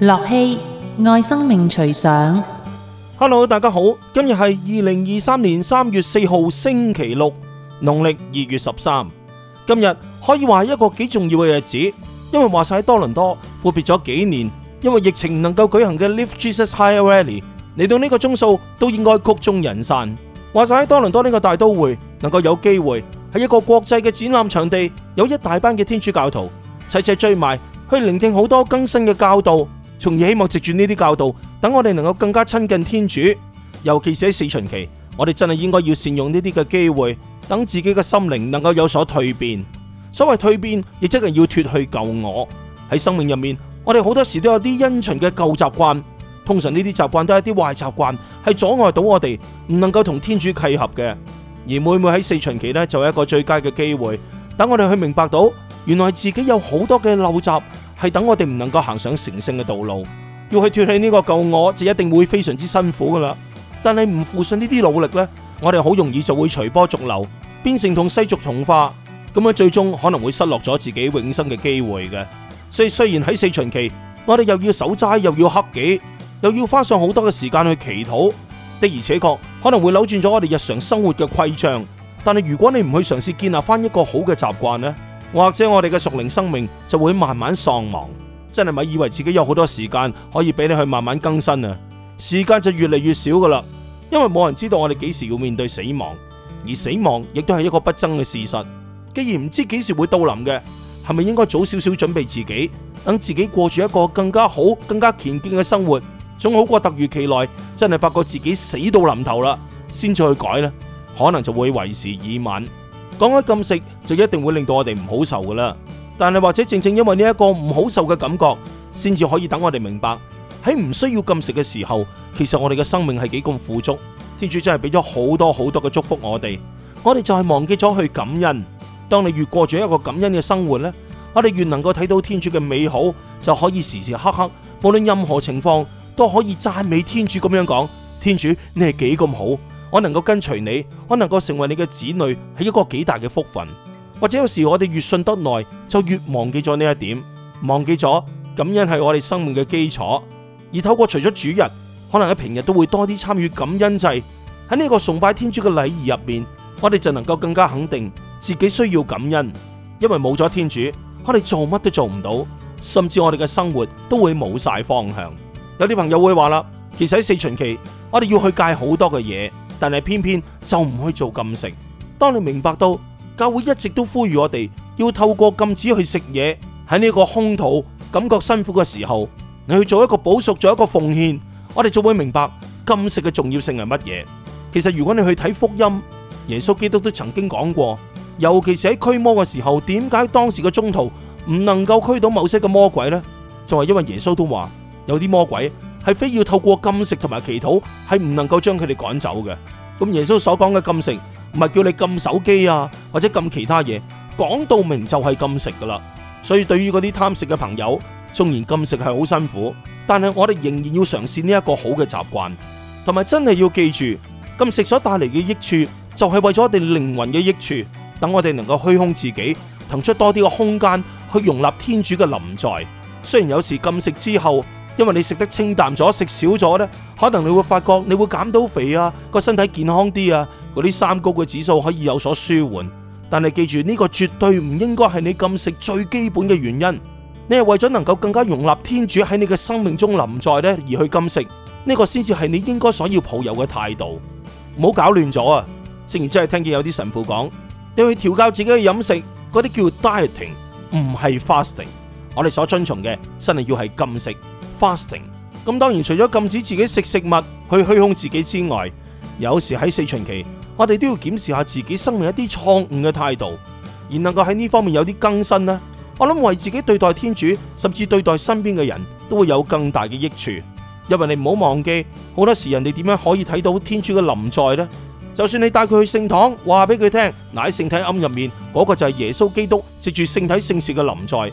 樂希愛生命隨想。Hello，大家好，今日係二零二三年三月四號星期六，農曆二月十三。今日可以話係一個幾重要嘅日子，因為話晒喺多倫多闊別咗幾年，因為疫情唔能夠舉行嘅 Lift Jesus Higher Rally 嚟到呢個鐘數都應該曲終人散。話晒喺多倫多呢個大都會能夠有機會喺一個國際嘅展覽場地，有一大班嘅天主教徒，齊齊追埋去聆聽好多更新嘅教導。從而希望藉住呢啲教導，等我哋能夠更加親近天主。尤其是喺四旬期，我哋真係應該要善用呢啲嘅機會，等自己嘅心靈能夠有所蛻變。所謂蛻變，亦即係要脫去舊我。喺生命入面，我哋好多時都有啲因循嘅舊習慣，通常呢啲習慣都係一啲壞習慣，係阻礙到我哋唔能夠同天主契合嘅。而每每喺四旬期呢，就係一個最佳嘅機會，等我哋去明白到，原來自己有好多嘅陋習。係等我哋唔能夠行上成聖嘅道路，要去脱棄呢個舊我，就一定會非常之辛苦噶啦。但係唔付上呢啲努力呢，我哋好容易就會隨波逐流，變成同世俗同化，咁樣最終可能會失落咗自己永生嘅機會嘅。所以雖然喺四旬期，我哋又要守齋，又要克己，又要花上好多嘅時間去祈禱，的而且確可能會扭轉咗我哋日常生活嘅規章。但係如果你唔去嘗試建立翻一個好嘅習慣呢。或者我哋嘅熟齡生命就會慢慢喪亡，真係咪以為自己有好多時間可以俾你去慢慢更新啊？時間就越嚟越少噶啦，因為冇人知道我哋幾時要面對死亡，而死亡亦都係一個不爭嘅事實。既然唔知幾時會到臨嘅，係咪應該早少少準備自己，等自己過住一個更加好、更加健健嘅生活，總好過突如其來，真係發覺自己死到臨頭啦，先再去改呢，可能就會為時已晚。講開禁食就一定會令到我哋唔好受噶啦，但係或者正正因為呢一個唔好受嘅感覺，先至可以等我哋明白喺唔需要禁食嘅時候，其實我哋嘅生命係幾咁富足，天主真係俾咗好多好多嘅祝福我哋，我哋就係忘記咗去感恩。當你越過咗一個感恩嘅生活呢，我哋越能夠睇到天主嘅美好，就可以時時刻刻無論任何情況都可以讚美天主咁樣講：天主你係幾咁好。我能夠跟隨你，我能夠成為你嘅子女，係一個幾大嘅福分。或者有時我哋越信得耐，就越忘記咗呢一點，忘記咗感恩係我哋生命嘅基礎。而透過除咗主日，可能喺平日都會多啲參與感恩祭。喺呢個崇拜天主嘅禮儀入面，我哋就能夠更加肯定自己需要感恩，因為冇咗天主，我哋做乜都做唔到，甚至我哋嘅生活都會冇晒方向。有啲朋友會話啦，其實喺四旬期，我哋要去戒好多嘅嘢。但係偏偏就唔去做禁食。當你明白到教會一直都呼籲我哋要透過禁止去食嘢，喺呢個空肚感覺辛苦嘅時候，你去做一個補贖，做一個奉獻，我哋就會明白禁食嘅重要性係乜嘢。其實如果你去睇福音，耶穌基督都曾經講過，尤其是喺驅魔嘅時候，點解當時嘅宗徒唔能夠驅到某些嘅魔鬼呢？就係、是、因為耶穌都話有啲魔鬼。係非要透過禁食同埋祈禱，係唔能夠將佢哋趕走嘅。咁耶穌所講嘅禁食，唔係叫你禁手機啊，或者禁其他嘢，講到明就係禁食噶啦。所以對於嗰啲貪食嘅朋友，縱然禁食係好辛苦，但係我哋仍然要嘗試呢一個好嘅習慣，同埋真係要記住禁食所帶嚟嘅益處，就係為咗我哋靈魂嘅益處，等我哋能夠虛空自己，騰出多啲嘅空間去容納天主嘅臨在。雖然有時禁食之後，因為你食得清淡咗，食少咗呢可能你會發覺你會減到肥啊，個身體健康啲啊，嗰啲三高嘅指數可以有所舒緩。但係記住呢個絕對唔應該係你禁食最基本嘅原因。你係為咗能夠更加容納天主喺你嘅生命中臨在呢而去禁食，呢個先至係你應該所要抱有嘅態度。唔好搞亂咗啊！正如真係聽見有啲神父講，你去調教自己嘅飲食，嗰啲叫 dieting，唔係 fasting。我哋所遵從嘅真係要係禁食。fasting，咁當然除咗禁止自己食食物去虛空自己之外，有時喺四旬期，我哋都要檢視下自己生命一啲錯誤嘅態度，而能夠喺呢方面有啲更新啦。我諗為自己對待天主，甚至對待身邊嘅人都會有更大嘅益處，因為你唔好忘記，好多時人哋點樣可以睇到天主嘅臨在呢？就算你帶佢去聖堂，話俾佢聽，嗱，喺聖體龕入面嗰個就係耶穌基督藉住聖體聖事嘅臨在。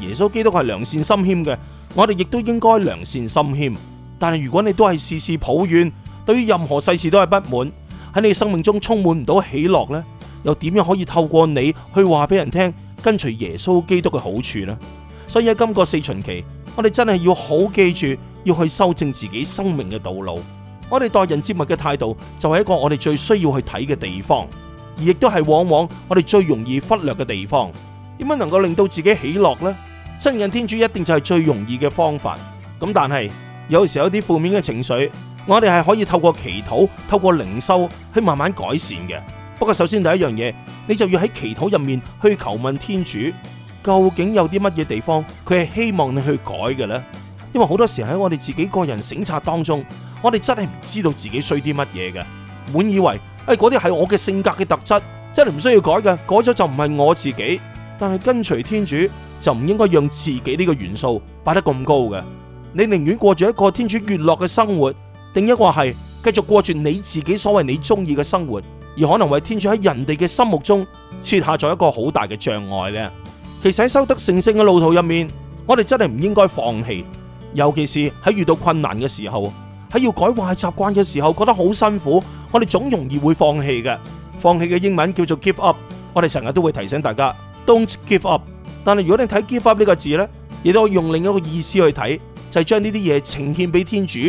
耶穌基督係良善心謙嘅，我哋亦都應該良善心謙。但係如果你都係事事抱怨，對於任何世事都係不滿，喺你生命中充滿唔到喜樂呢，又點樣可以透過你去話俾人聽，跟隨耶穌基督嘅好處呢？所以喺今個四旬期，我哋真係要好記住要去修正自己生命嘅道路。我哋待人接物嘅態度就係一個我哋最需要去睇嘅地方，而亦都係往往我哋最容易忽略嘅地方。點樣能夠令到自己喜樂呢？親近天主一定就係最容易嘅方法。咁但係有時候有啲負面嘅情緒，我哋係可以透過祈禱、透過靈修去慢慢改善嘅。不過首先第一樣嘢，你就要喺祈禱入面去求問天主，「究竟有啲乜嘢地方佢係希望你去改嘅呢？」因為好多時喺我哋自己個人省察當中，我哋真係唔知道自己衰啲乜嘢嘅，滿以為誒嗰啲係我嘅性格嘅特質，真係唔需要改嘅，改咗就唔係我自己。但係跟隨天主。就唔應該讓自己呢個元素擺得咁高嘅。你寧願過住一個天主悅樂嘅生活，定抑或係繼續過住你自己所謂你中意嘅生活，而可能為天主喺人哋嘅心目中設下咗一個好大嘅障礙呢。其實喺修德成聖嘅路途入面，我哋真係唔應該放棄，尤其是喺遇到困難嘅時候，喺要改壞習慣嘅時候，覺得好辛苦，我哋總容易會放棄嘅。放棄嘅英文叫做 give up，我哋成日都會提醒大家，don't give up。但係如果你睇 give up 呢個字呢，亦都可以用另一個意思去睇，就係將呢啲嘢呈獻俾天主，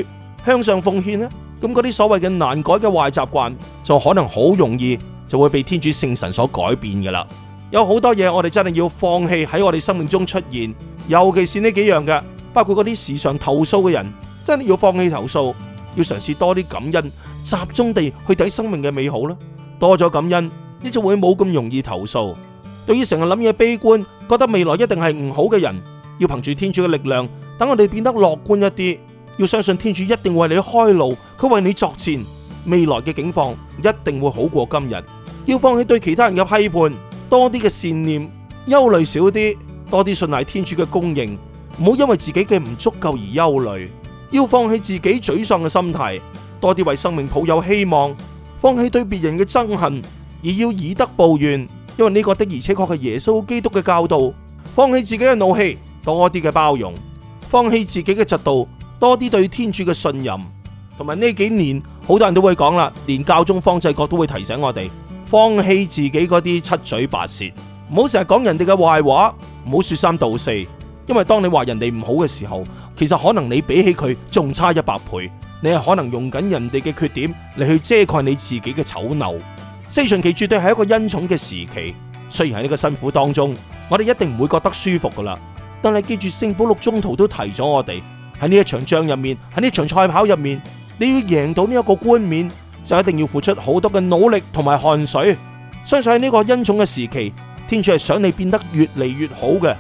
向上奉獻呢，咁嗰啲所謂嘅難改嘅壞習慣，就可能好容易就會被天主聖神所改變噶啦。有好多嘢我哋真係要放棄喺我哋生命中出現，尤其是呢幾樣嘅，包括嗰啲時常投訴嘅人，真係要放棄投訴，要嘗試多啲感恩，集中地去睇生命嘅美好啦。多咗感恩，呢就會冇咁容易投訴。對於成日諗嘢悲觀，覺得未來一定係唔好嘅人，要憑住天主嘅力量，等我哋變得樂觀一啲，要相信天主一定為你開路，佢為你作戰，未來嘅境況一定會好過今日。要放棄對其他人嘅批判，多啲嘅善念，憂慮少啲，多啲信賴天主嘅供應，唔好因為自己嘅唔足夠而憂慮。要放棄自己沮喪嘅心態，多啲為生命抱有希望，放棄對別人嘅憎恨，而要以德報怨。因為呢個的而且確係耶穌基督嘅教導，放棄自己嘅怒氣，多啲嘅包容；放棄自己嘅嫉妒，多啲對天主嘅信任。同埋呢幾年，好多人都會講啦，連教宗方濟各都會提醒我哋，放棄自己嗰啲七嘴八舌，唔好成日講人哋嘅壞話，唔好說三道四。因為當你話人哋唔好嘅時候，其實可能你比起佢仲差一百倍，你係可能用緊人哋嘅缺點嚟去遮蓋你自己嘅醜陋。四旬期絕對係一個恩寵嘅時期，雖然喺呢個辛苦當中，我哋一定唔會覺得舒服㗎喇。但係記住，聖保祿宗徒都提咗我哋喺呢一場仗入面，喺呢場賽跑入面，你要贏到呢一個冠冕，就一定要付出好多嘅努力同埋汗水。相信喺呢個恩寵嘅時期，天主係想你變得越嚟越好嘅，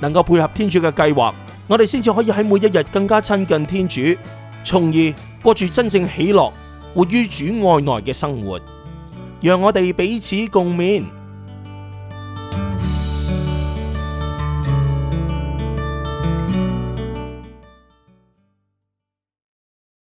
能夠配合天主嘅計劃，我哋先至可以喺每一日更加親近天主，從而過住真正喜樂、活於主愛內嘅生活。讓我哋彼此共勉。